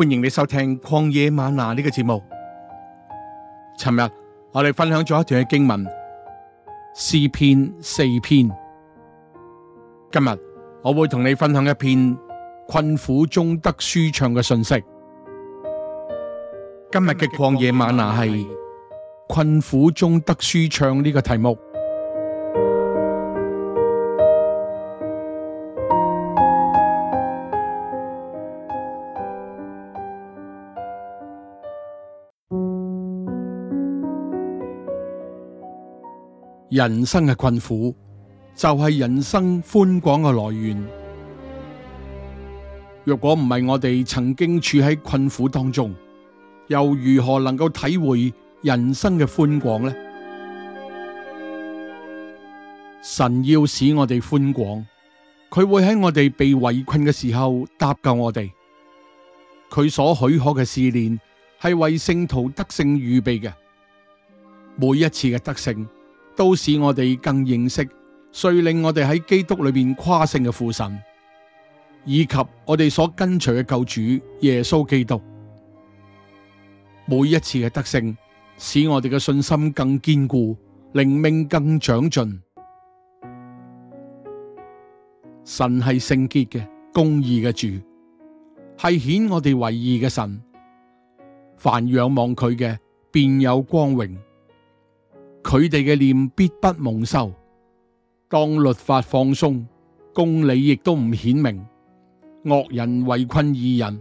歡迎你收聽曠野嗎哪呢個節目。尋日我哋分享咗一段嘅經文，詩篇四篇。今日我會同你分享一篇困苦中得舒暢嘅信息。今日嘅曠野嗎哪係困苦中得舒暢呢個題目。人生嘅困苦就係人生寬廣嘅來源。若果唔係我哋曾經處喺困苦當中，又如何能夠體會人生嘅寬廣呢？神要使我哋寬廣，佢會喺我哋被圍困嘅時候搭救我哋。佢所許可嘅試煉係為聖徒得勝預備嘅，每一次嘅得勝。都使我哋更認識，遂令我哋喺基督裏邊誇勝嘅父神，以及我哋所跟隨嘅救主耶穌基督。每一次嘅得勝，使我哋嘅信心更堅固，靈命更長進。神係聖潔嘅、公義嘅主，係顯我哋為義嘅神。凡仰望佢嘅，便有光榮。佢哋嘅念必不蒙羞。當律法放鬆，公理亦都唔顯明，惡人圍困義人，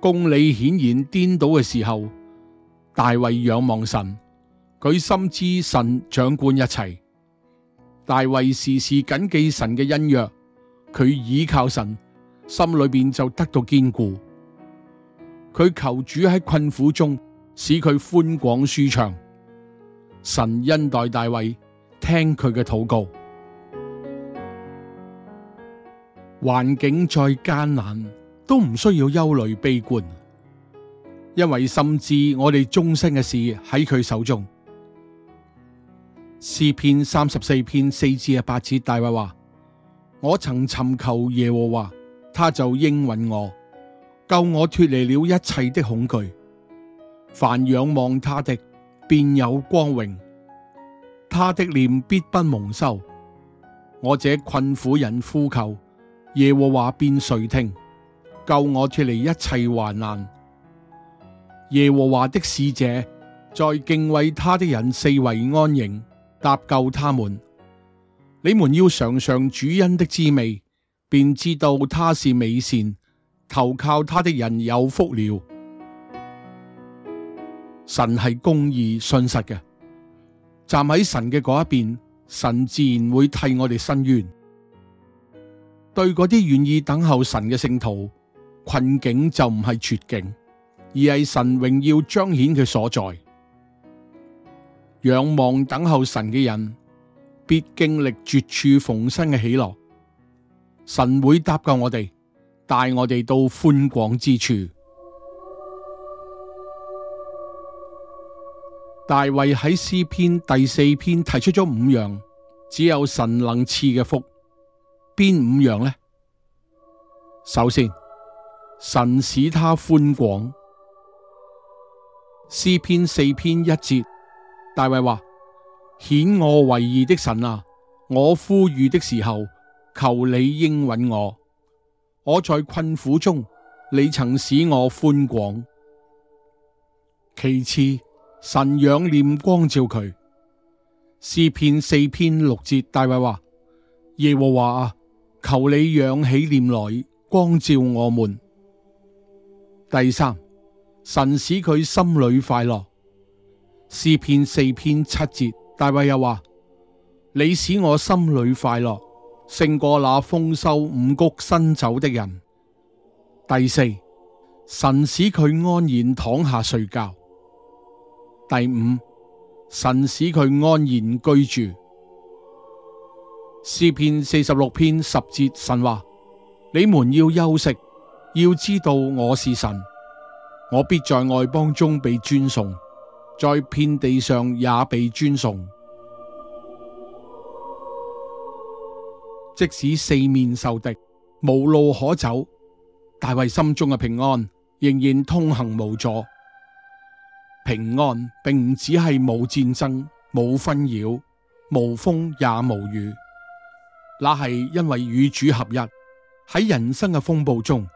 公理顯然顛倒嘅時候，大衛仰望神，佢深知神掌管一切。大衛時時謹記神嘅恩約，佢倚靠神，心裏邊就得到堅固。佢求主喺困苦中，使佢寬廣舒暢。神恩待大衛，聽佢嘅禱告。環境再艱難，都唔需要憂慮悲觀，因為甚至我哋終生嘅事喺佢手中。詩篇三十四篇四至八節，大衛話：我曾尋求耶和華，他就應允我，救我脱離了一切的恐懼。凡仰望他的，便有光榮，他的臉必不蒙羞。我這困苦人呼求，耶和華便垂聽，救我脫離一切患難。耶和華的使者在敬畏他的人四圍安營，搭救他們。你們要嘗嘗主恩的滋味，便知道他是美善，投靠他的人有福了。神係公義、信實嘅，站喺神嘅嗰一邊，神自然會替我哋伸冤。對嗰啲願意等候神嘅聖徒，困境就唔係絕境，而係神榮耀彰顯嘅所在。仰望等候神嘅人，必經歷絕處逢生嘅喜樂。神會搭救我哋，帶我哋到寬廣之處。大衛喺詩篇第四篇提出咗五樣只有神能賜嘅福，邊五樣呢？首先，神使他寬廣。詩篇四篇一節，大衛話：顯我為義的神啊，我呼籲的時候，求你應允我。我在困苦中，你曾使我寬廣。其次。神仰念光照佢，詩篇四篇六節。大衛話：耶和華啊，求你仰起念來光照我們。第三，神使佢心裏快樂，詩篇四篇七節。大衛又話：你使我心裏快樂，勝過那豐收五谷新酒的人。第四，神使佢安然躺下睡覺。第五，神使佢安然居住。詩篇四十六篇十節，神話：你們要休息，要知道我是神，我必在外邦中被尊崇，在遍地上也被尊崇。即使四面受敵，無路可走，大衛心中嘅平安仍然通行無阻。平安並唔只係冇戰爭、冇紛擾、冇風也冇雨，那係因為與主合一。喺人生嘅風暴中，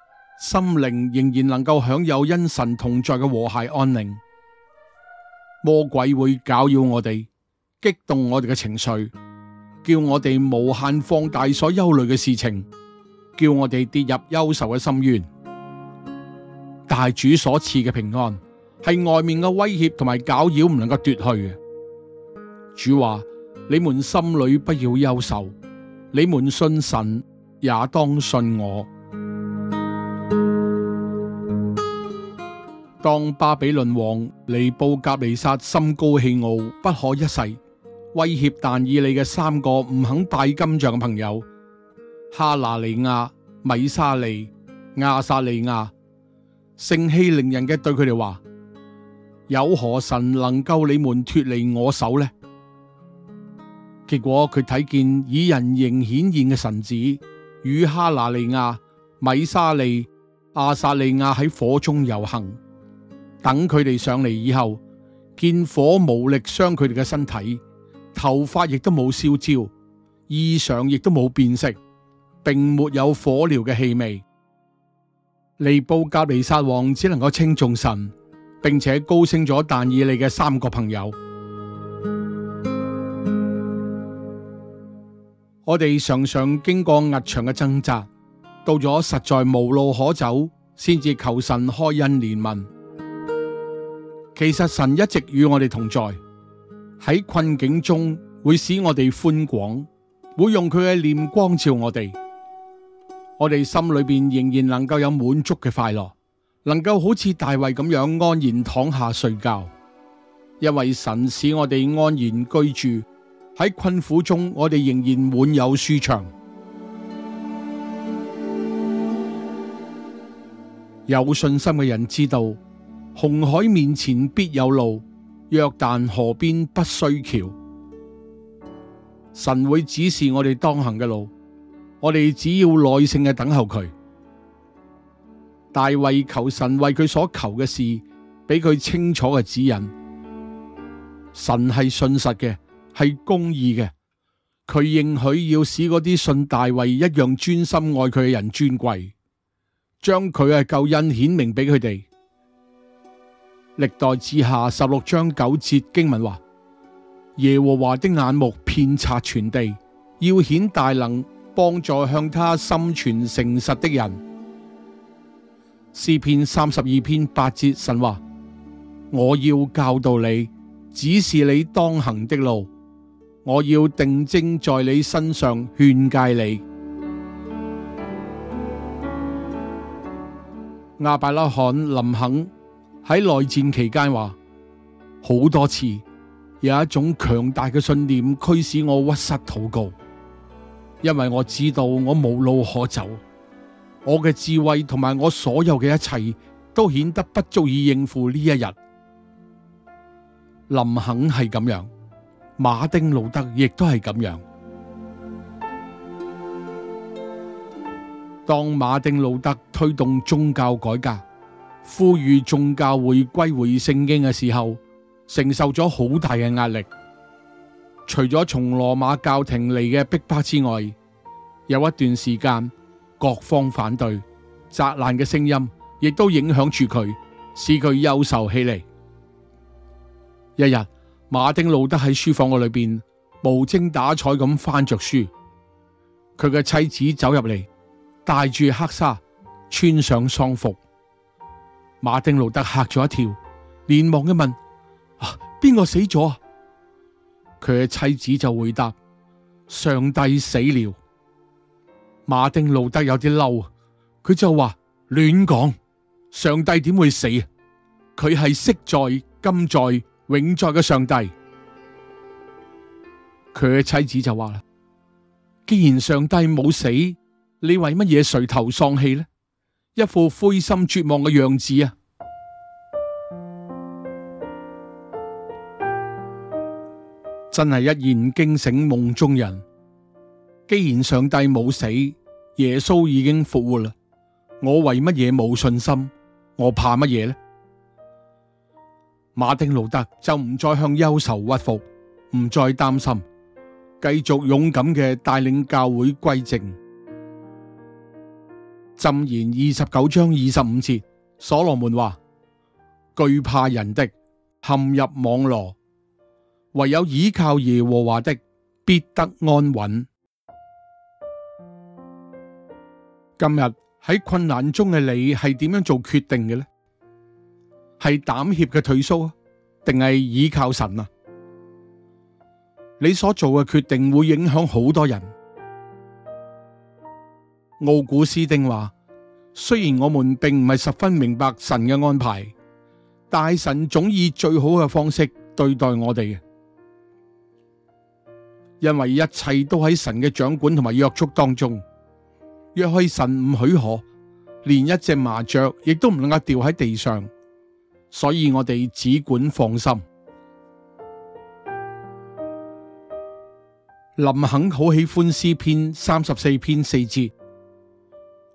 心靈仍然能夠享有因神同在嘅和諧安寧。魔鬼會攪擾我哋，激動我哋嘅情緒，叫我哋無限放大所憂慮嘅事情，叫我哋跌入憂愁嘅深淵。但主所賜嘅平安，係外面嘅威脅同埋攪擾唔能夠奪去。主話：你們心裏不要憂愁，你們信神也當信我。當巴比倫王尼布甲尼撒心高氣傲，不可一世，威脅但以利嘅三個唔肯拜金像嘅朋友哈拿利亞、米沙利、亞撒利亞，盛氣凌人嘅對佢哋話。有何神能夠你們脫離我手呢？結果佢睇見以人形顯現嘅神子與哈拿利亞、米沙利、阿撒利亞喺火中遊行。等佢哋上嚟以後，見火無力傷佢哋嘅身體，頭髮亦都冇燒焦，衣裳亦都冇變色，並沒有火燎嘅氣味。尼布甲尼撒王只能夠稱頌神。並且高升咗，但以理嘅三個朋友。我哋常常經過漫長嘅掙扎，到咗實在無路可走，先至求神開恩憐憫。其實神一直與我哋同在，喺困境中會使我哋寬廣，會用佢嘅念光照我哋，我哋心裏面仍然能夠有滿足嘅快樂。能夠好似大衛咁樣安然躺下睡覺，因為神使我哋安然居住。喺困苦中，我哋仍然滿有舒暢。有信心嘅人知道，紅海面前必有路，約旦河邊不需橋，神會指示我哋當行嘅路，我哋只要耐性嘅等候佢。大衛求神為佢所求嘅事，俾佢清楚嘅指引。神係信實嘅，係公義嘅。佢應許要使嗰啲信大衛一樣專心愛佢嘅人尊貴，將佢嘅救恩顯明俾佢哋。歷代志下十六章九節經文話：耶和華的眼目遍察全地，要顯大能，幫助向他心存誠實的人。詩篇三十二篇八節，神話，我要教導你，指示你當行的路，我要定睛在你身上勸誡你。亞伯拉罕林肯喺內戰期間話，好多次有一種強大嘅信念驅使我屈膝禱告，因為我知道我無路可走。我嘅智慧同埋我所有嘅一切，都顯得不足以應付呢一日。林肯係咁樣，馬丁路德亦都係咁樣。當馬丁路德推動宗教改革，呼籲眾教會歸回聖經嘅時候，承受咗好大嘅壓力。除咗從羅馬教廷嚟嘅逼迫之外，有一段時間，各方反對、責難嘅聲音，亦都影響住佢，使佢憂愁起嚟。一日，馬丁路德喺書房嘅裏邊無精打采咁翻着書，佢嘅妻子走入嚟，帶住黑紗，穿上喪服。馬丁路德吓咗一跳，連忙一問：啊，邊個死咗？佢嘅妻子就回答：上帝死了。馬丁路德有啲嬲，佢就話亂講，上帝點會死？佢係昔在、今在、永在嘅上帝。佢嘅妻子就話啦：既然上帝冇死，你為乜嘢垂頭喪氣呢？一副灰心絕望嘅樣子啊！真係一言驚醒夢中人。既然上帝冇死，耶穌已經復活啦，我為乜嘢冇信心？我怕乜嘢呢？馬丁路德就唔再向憂愁屈服，唔再擔心，繼續勇敢嘅帶領教會歸正。箴言二十九章二十五節，所羅門話：懼怕人的，陷入網羅，唯有倚靠耶和華的，必得安穩。今日喺困難中嘅你係點樣做決定嘅呢？係膽怯嘅退縮，定係倚靠神啊？你所做嘅決定會影響好多人。奧古斯丁話：雖然我們並唔係十分明白神嘅安排，但神總以最好嘅方式對待我哋，因為一切都喺神嘅掌管同埋約束當中。若係神唔許可，連一隻麻雀亦都唔能夠掉喺地上，所以我哋只管放心。林肯好喜歡詩篇三十四篇四節，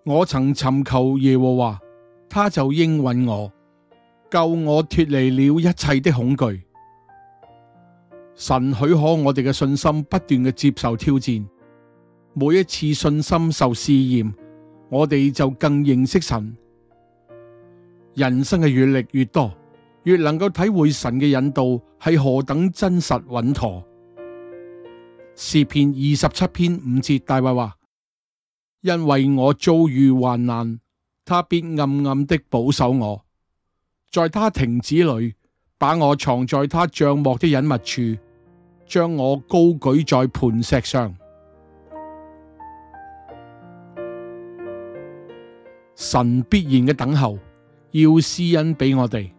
我曾尋求耶和華，祂就應允我，救我脫離了一切的恐懼。神許可我哋嘅信心不斷嘅接受挑戰。每一次信心受試驗，我哋就更認識神。人生嘅閱歷越多，越能夠體會神嘅引導係何等真實穩妥。詩篇二十七篇五節，大衛話：因為我遭遇患難，他必暗暗的保守我，在他亭子裏把我藏在他帳幕的隱密處，將我高舉在磐石上。神必然嘅等候，要施恩俾我哋。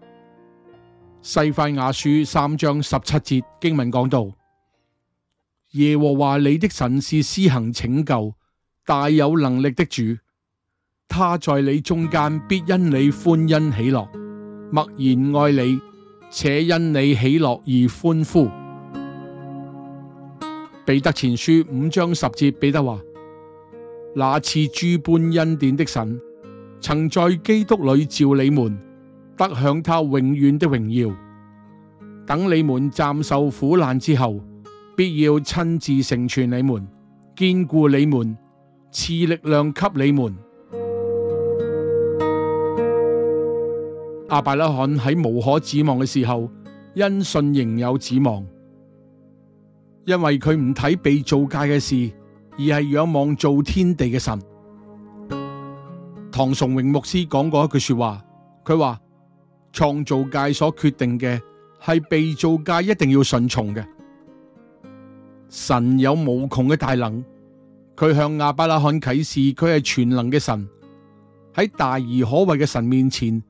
西番雅書三章十七節經文講到：耶和華你的神是施行拯救、大有能力的主，他在你中間必因你歡欣喜樂，默然愛你，且因你喜樂而歡呼。彼得前書五章十節，彼得話：那賜諸般恩典的神。曾在基督裏召你們得享他永遠的榮耀。等你們暫受苦難之後，必要親自成全你們，堅固你們，賜力量給你們。亞伯拉罕喺無可指望嘅時候，因信仍有指望，因為佢唔睇被造界嘅事，而係仰望造天地嘅神。黃崇榮牧師講過一句說話，佢話，創造界所決定嘅係被造界一定要順從嘅。神有無窮嘅大能，佢向亞伯拉罕啟示佢係全能嘅神。喺大而可畏嘅神面前，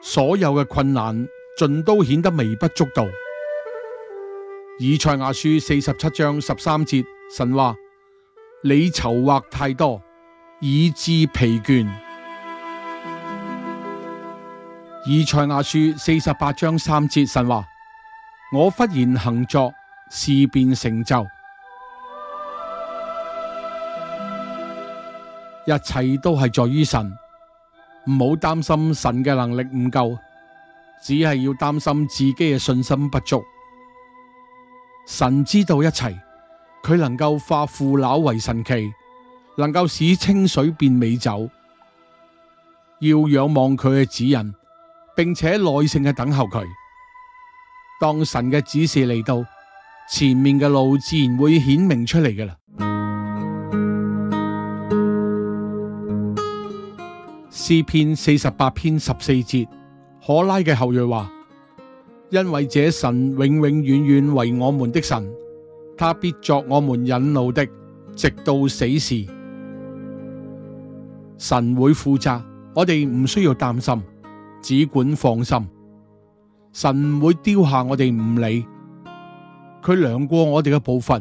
所有嘅困難盡都顯得微不足道。以賽亞書四十七章十三節，神話，你籌劃太多，以致疲倦。以賽亞書四十八章三節神話：我忽然行作，事變成就，一切都係在於神。唔好擔心神嘅能力唔夠，只係要擔心自己嘅信心不足。神知道一切，佢能夠化腐朽為神奇，能夠使清水變美酒。要仰望佢嘅指引。並且耐性嘅等候佢。當神嘅指示嚟到，前面嘅路自然會顯明出嚟嘅啦。 詩篇四十八篇十四節，可拉嘅後裔話：因為這神永永遠遠為我們的神，他必作我們引路的，直到死時。神會負責，我哋唔需要擔心。只管放心，神唔會丟下我哋唔理，佢量過我哋嘅步伐，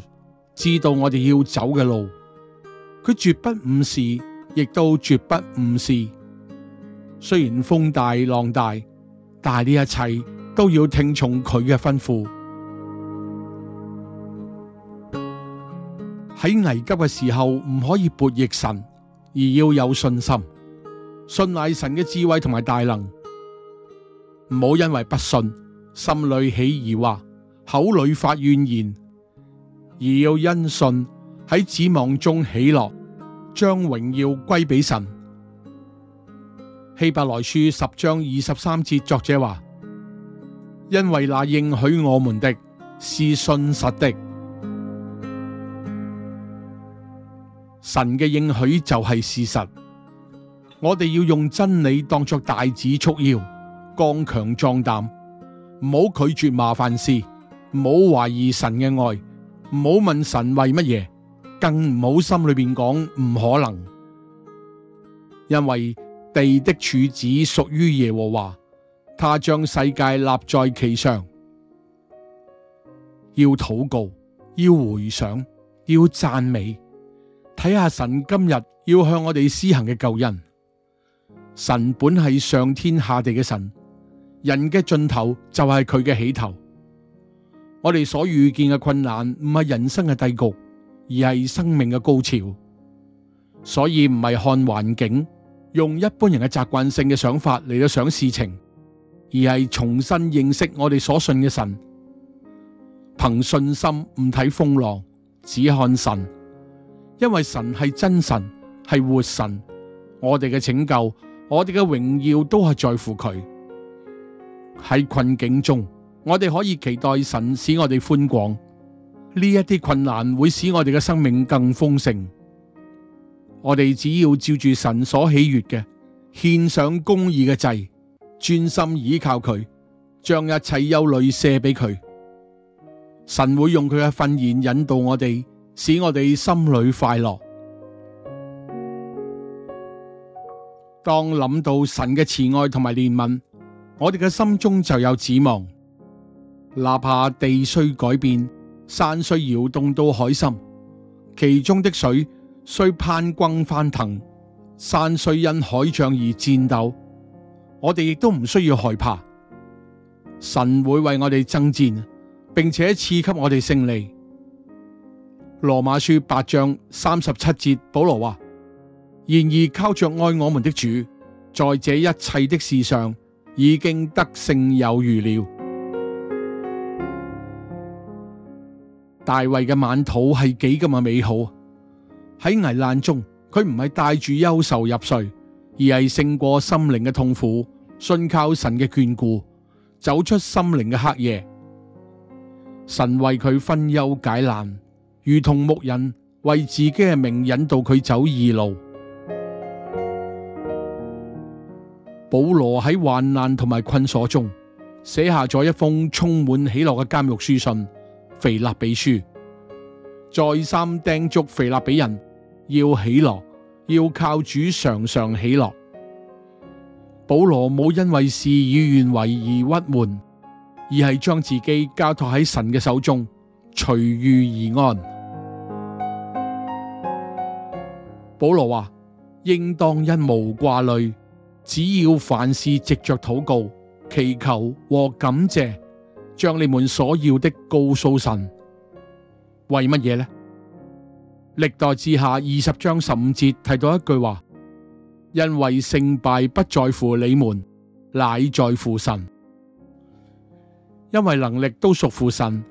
知道我哋要走嘅路，佢絕不誤事，亦都絕不誤事。雖然風大浪大，但係呢一切都要聽從佢嘅吩咐。喺危 急嘅時候，唔可以撥逆神，而要有信心，信賴神嘅智慧同埋大能。唔好因為不信，心裏起疑惑，口裏發怨言，而要因信喺指望中喜樂，將榮耀歸俾神。希伯來書十章二十三節，作者話：因為那應許我們的，是信實的。神嘅應許就係事實，我哋要用真理當作帶子束腰。剛強壯膽，唔好拒絕麻煩事，唔好懷疑神嘅愛，唔好問神為乜嘢，更唔好心裏邊講唔可能。因為地的柱子屬於耶和華，他將世界立在其上。要禱告，要回想，要讚美，睇下神今日要向我哋施行嘅救恩。神本係上天下地嘅神。人嘅盡頭就係佢嘅起頭。我哋所遇見嘅困難唔係人生嘅低谷，而係生命嘅高潮。所以唔係看環境，用一般人嘅習慣性嘅想法嚟到想事情，而係重新認識我哋所信嘅神。憑信心唔睇風浪，只看神，因為神係真神，係活神。我哋嘅拯救，我哋嘅榮耀都係在乎佢。喺困境中，我哋可以期待神使我哋寬廣。呢一啲困難會使我哋嘅生命更豐盛。我哋只要照住神所喜悅嘅，獻上公義嘅祭，專心倚靠佢，將一切憂慮卸俾佢。神會用佢嘅訓言引導我哋，使我哋心裏快樂。當諗到神嘅慈愛同埋憐憫。我哋嘅心中就有指望，哪怕地雖改變，山雖搖動到海心，其中的水雖匉訇翻騰，山雖因海漲而戰鬥，我哋亦都唔需要害怕。神會為我哋爭戰，並且賜給我哋勝利。羅馬書八章三十七節，保羅話：然而靠着愛我們的主，在這一切的事上，已經得勝有餘了。大衛嘅晚禱係幾咁嘅美好，喺危難中，佢唔係帶住憂愁入睡，而係勝過心靈嘅痛苦，信靠神嘅眷顧，走出心靈嘅黑夜。神為佢分憂解難，如同牧人為自己嘅名引導佢走義路。保羅喺患難同埋困鎖中寫下咗一封充滿喜樂嘅監獄書信。腓立比書再三叮囑腓立比人要喜樂，要靠主常常喜樂。保羅冇因為事與願違而鬱悶，而係將自己交託喺神嘅手中，隨遇而安。保羅話：應當因無掛慮。只要凡事藉着禱告、祈求和感謝，將你們所要的告訴神，為乜嘢呢？歷代志下二十章十五節提到一句話：因為勝敗不在乎你們，乃在乎神。因為能力都屬乎神，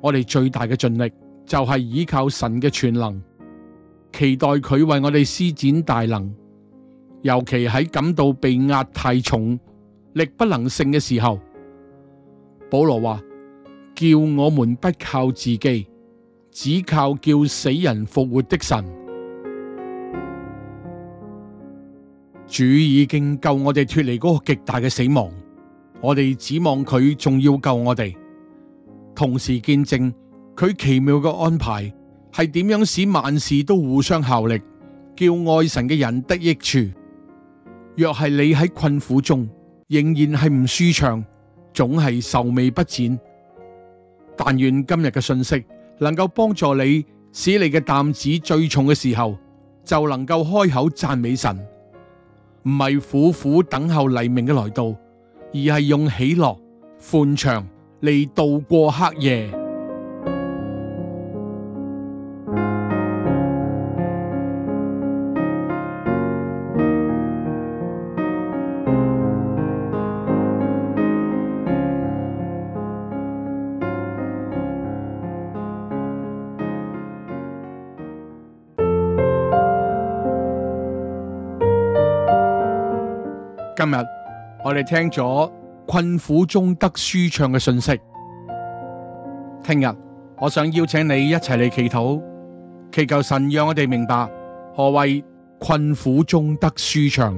我哋最大嘅盡力就係依靠神嘅全能，期待佢為我哋施展大能。尤其喺感到被壓太重，力不能勝嘅時候，保羅話叫我們不靠自己，只靠叫死人復活的神。主已經救我哋脫離嗰個極大嘅死亡，我哋指望佢仲要救我哋。同時見證，佢奇妙嘅安排係點樣使萬事都互相效力，叫愛神嘅人得益處。若係你喺困苦中，仍然係唔舒暢，總係愁眉不展。但願今日嘅信息能夠幫助你，使你嘅擔子最重嘅時候就能夠開口讚美神，唔係苦苦等候黎明嘅來到，而係用喜樂、歡暢嚟度過黑夜。係聽咗困苦中得舒暢嘅信息，聽日我想邀請你一齊嚟祈禱，祈求神讓我哋明白何謂困苦中得舒暢。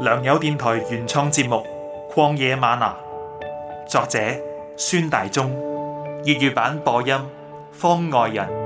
良友電台原創節目《曠野嗎哪》，作者孫大中，粵語版播音方外人。